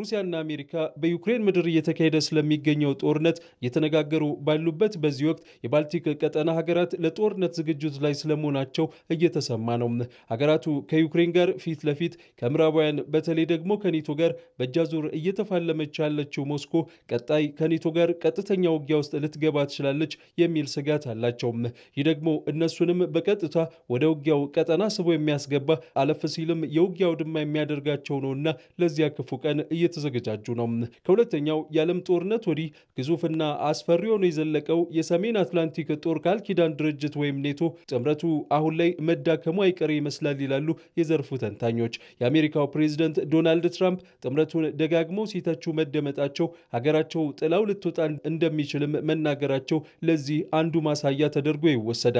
ሩሲያና አሜሪካ በዩክሬን ምድር እየተካሄደ ስለሚገኘው ጦርነት እየተነጋገሩ ባሉበት በዚህ ወቅት የባልቲክ ቀጠና ሀገራት ለጦርነት ዝግጅት ላይ ስለመሆናቸው እየተሰማ ነው። ሀገራቱ ከዩክሬን ጋር ፊት ለፊት ከምዕራባውያን በተለይ ደግሞ ከኔቶ ጋር በእጃዙር እየተፋለመች ያለችው ሞስኮ ቀጣይ ከኔቶ ጋር ቀጥተኛ ውጊያ ውስጥ ልትገባ ትችላለች የሚል ስጋት አላቸው። ይህ ደግሞ እነሱንም በቀጥታ ወደ ውጊያው ቀጠና ስቦ የሚያስገባ አለፍ ሲልም የውጊያው ድማ የሚያደርጋቸው ነውና ለዚያ ክፉ ቀን እየተዘገጃጁ ነው። ከሁለተኛው የዓለም ጦርነት ወዲህ ግዙፍና አስፈሪ ሆኖ የዘለቀው የሰሜን አትላንቲክ ጦር ቃል ኪዳን ድርጅት ወይም ኔቶ ጥምረቱ አሁን ላይ መዳከሙ አይቀሬ ይመስላል ይላሉ የዘርፉ ተንታኞች። የአሜሪካው ፕሬዝደንት ዶናልድ ትራምፕ ጥምረቱን ደጋግመው ሲተቹ መደመጣቸው ሀገራቸው ጥላው ልትወጣ እንደሚችልም መናገራቸው ለዚህ አንዱ ማሳያ ተደርጎ ይወሰዳል።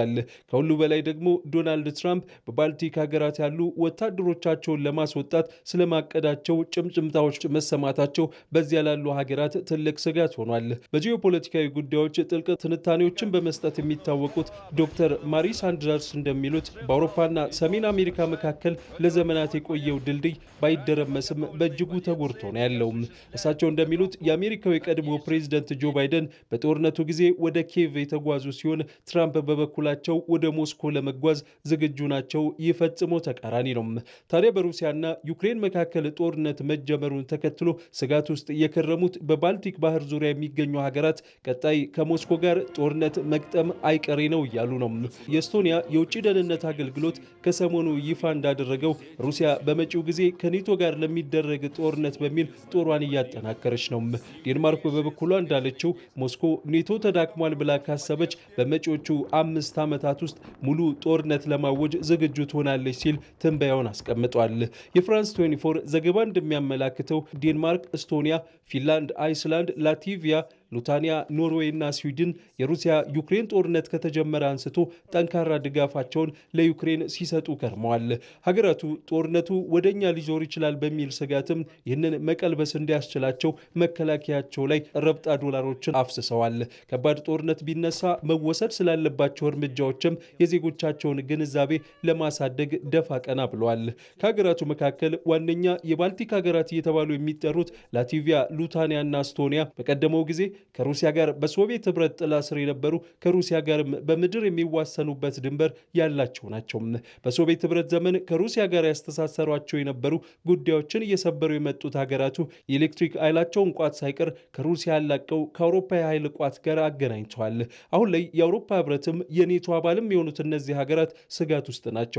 ከሁሉ በላይ ደግሞ ዶናልድ ትራምፕ በባልቲክ ሀገራት ያሉ ወታደሮቻቸውን ለማስወጣት ስለማቀዳቸው ጭምጭምታዎች መሰማታቸው በዚያ ላሉ ሀገራት ትልቅ ስጋት ሆኗል። በጂኦፖለቲካዊ ጉዳዮች ጥልቅ ትንታኔዎችን በመስጠት የሚታወቁት ዶክተር ማሪ ሳንደርስ እንደሚሉት በአውሮፓና ሰሜን አሜሪካ መካከል ለዘመናት የቆየው ድልድይ ባይደረመስም በእጅጉ ተጎድቶ ነው ያለው። እሳቸው እንደሚሉት የአሜሪካው የቀድሞ ፕሬዚደንት ጆ ባይደን በጦርነቱ ጊዜ ወደ ኬቭ የተጓዙ ሲሆን ትራምፕ በበኩላቸው ወደ ሞስኮ ለመጓዝ ዝግጁ ናቸው። ይፈጽሞ ተቃራኒ ነው። ታዲያ በሩሲያና ዩክሬን መካከል ጦርነት መጀመሩን ተከትሎ ስጋት ውስጥ የከረሙት በባልቲክ ባህር ዙሪያ የሚገኙ ሀገራት ቀጣይ ከሞስኮ ጋር ጦርነት መግጠም አይቀሬ ነው እያሉ ነው። የኤስቶኒያ የውጭ ደህንነት አገልግሎት ከሰሞኑ ይፋ እንዳደረገው ሩሲያ በመጪው ጊዜ ከኔቶ ጋር ለሚደረግ ጦርነት በሚል ጦሯን እያጠናከረች ነው። ዴንማርክ በበኩሏ እንዳለችው ሞስኮ ኔቶ ተዳክሟል ብላ ካሰበች በመጪዎቹ አምስት ዓመታት ውስጥ ሙሉ ጦርነት ለማወጅ ዝግጁ ትሆናለች ሲል ትንበያውን አስቀምጧል። የፍራንስ 24 ዘገባ እንደሚያመላክተው ዴንማርክ፣ ኤስቶኒያ፣ ፊንላንድ፣ አይስላንድ፣ ላቲቪያ ሉታንያ፣ ኖርዌይ እና ስዊድን የሩሲያ ዩክሬን ጦርነት ከተጀመረ አንስቶ ጠንካራ ድጋፋቸውን ለዩክሬን ሲሰጡ ከርመዋል። ሀገራቱ ጦርነቱ ወደ እኛ ሊዞር ይችላል በሚል ስጋትም ይህንን መቀልበስ እንዲያስችላቸው መከላከያቸው ላይ ረብጣ ዶላሮችን አፍስሰዋል። ከባድ ጦርነት ቢነሳ መወሰድ ስላለባቸው እርምጃዎችም የዜጎቻቸውን ግንዛቤ ለማሳደግ ደፋ ቀና ብለዋል። ከሀገራቱ መካከል ዋነኛ የባልቲክ ሀገራት እየተባሉ የሚጠሩት ላቲቪያ፣ ሉታንያ ና ስቶኒያ በቀደመው ጊዜ ከሩሲያ ጋር በሶቪየት ህብረት ጥላ ስር የነበሩ ከሩሲያ ጋር በምድር የሚዋሰኑበት ድንበር ያላቸው ናቸው። በሶቪየት ህብረት ዘመን ከሩሲያ ጋር ያስተሳሰሯቸው የነበሩ ጉዳዮችን እየሰበሩ የመጡት ሀገራቱ የኤሌክትሪክ ኃይላቸውን ቋት ሳይቀር ከሩሲያ ያላቀው ከአውሮፓ የኃይል ቋት ጋር አገናኝተዋል። አሁን ላይ የአውሮፓ ህብረትም የኔቶ አባልም የሆኑት እነዚህ ሀገራት ስጋት ውስጥ ናቸው።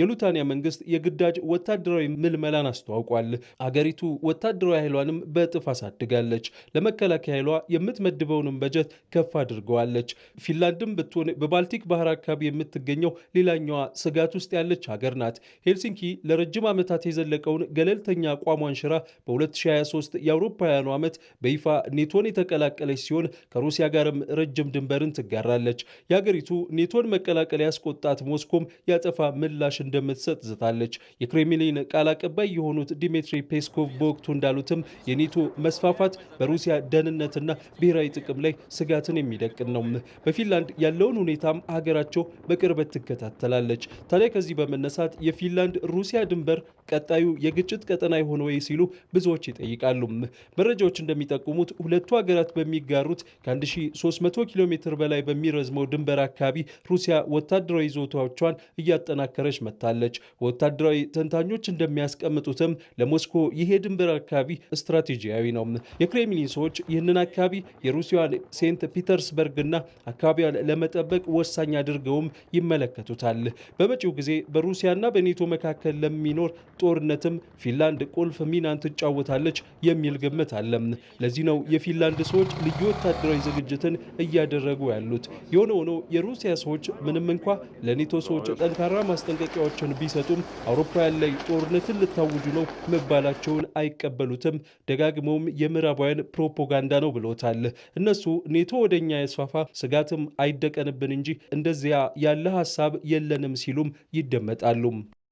የሉታንያ መንግስት የግዳጅ ወታደራዊ ምልመላን አስተዋውቋል። አገሪቱ ወታደራዊ ኃይሏንም በእጥፍ አሳድጋለች። ለመከላከያ ኃይሏ የምትመድበውንም በጀት ከፍ አድርገዋለች። ፊንላንድም ብትሆን በባልቲክ ባህር አካባቢ የምትገኘው ሌላኛዋ ስጋት ውስጥ ያለች ሀገር ናት። ሄልሲንኪ ለረጅም ዓመታት የዘለቀውን ገለልተኛ አቋሟን ሽራ በ2023 የአውሮፓውያኑ ዓመት በይፋ ኔቶን የተቀላቀለች ሲሆን ከሩሲያ ጋርም ረጅም ድንበርን ትጋራለች። የአገሪቱ ኔቶን መቀላቀል ያስቆጣት ሞስኮም ያጠፋ ምላሽ እንደምትሰጥ ዝታለች። የክሬምሊን ቃል አቀባይ የሆኑት ዲሚትሪ ፔስኮቭ በወቅቱ እንዳሉትም የኔቶ መስፋፋት በሩሲያ ደህንነትና ብሔራዊ ጥቅም ላይ ስጋትን የሚደቅን ነው። በፊንላንድ ያለውን ሁኔታም ሀገራቸው በቅርበት ትከታተላለች። ታዲያ ከዚህ በመነሳት የፊንላንድ ሩሲያ ድንበር ቀጣዩ የግጭት ቀጠና የሆነ ወይ ሲሉ ብዙዎች ይጠይቃሉ። መረጃዎች እንደሚጠቁሙት ሁለቱ ሀገራት በሚጋሩት ከ1300 ኪሎ ሜትር በላይ በሚረዝመው ድንበር አካባቢ ሩሲያ ወታደራዊ ይዞታዎቿን እያጠናከረች መጥታለች። ወታደራዊ ተንታኞች እንደሚያስቀምጡትም ለሞስኮ ይሄ ድንበር አካባቢ ስትራቴጂያዊ ነው። የክሬምሊን ሰዎች ይህንን አካባቢ የሩሲያ ሴንት ፒተርስበርግና አካባቢያ ለመጠበቅ ወሳኝ አድርገውም ይመለከቱታል። በመጪው ጊዜ በሩሲያና በኔቶ መካከል ለሚኖር ጦርነትም ፊንላንድ ቁልፍ ሚናን ትጫወታለች የሚል ግምት አለ። ለዚህ ነው የፊንላንድ ሰዎች ልዩ ወታደራዊ ዝግጅትን እያደረጉ ያሉት። የሆነ ሆኖ የሩሲያ ሰዎች ምንም እንኳ ለኔቶ ሰዎች ጠንካራ ማስጠንቀቂያዎችን ቢሰጡም አውሮፓውያን ላይ ጦርነትን ልታውጁ ነው መባላቸውን አይቀበሉትም። ደጋግመውም የምዕራባውያን ፕሮፓጋንዳ ነው ብሎታል። ካለ እነሱ ኔቶ ወደኛ ያስፋፋ ስጋትም አይደቀንብን እንጂ እንደዚያ ያለ ሀሳብ የለንም ሲሉም ይደመጣሉ።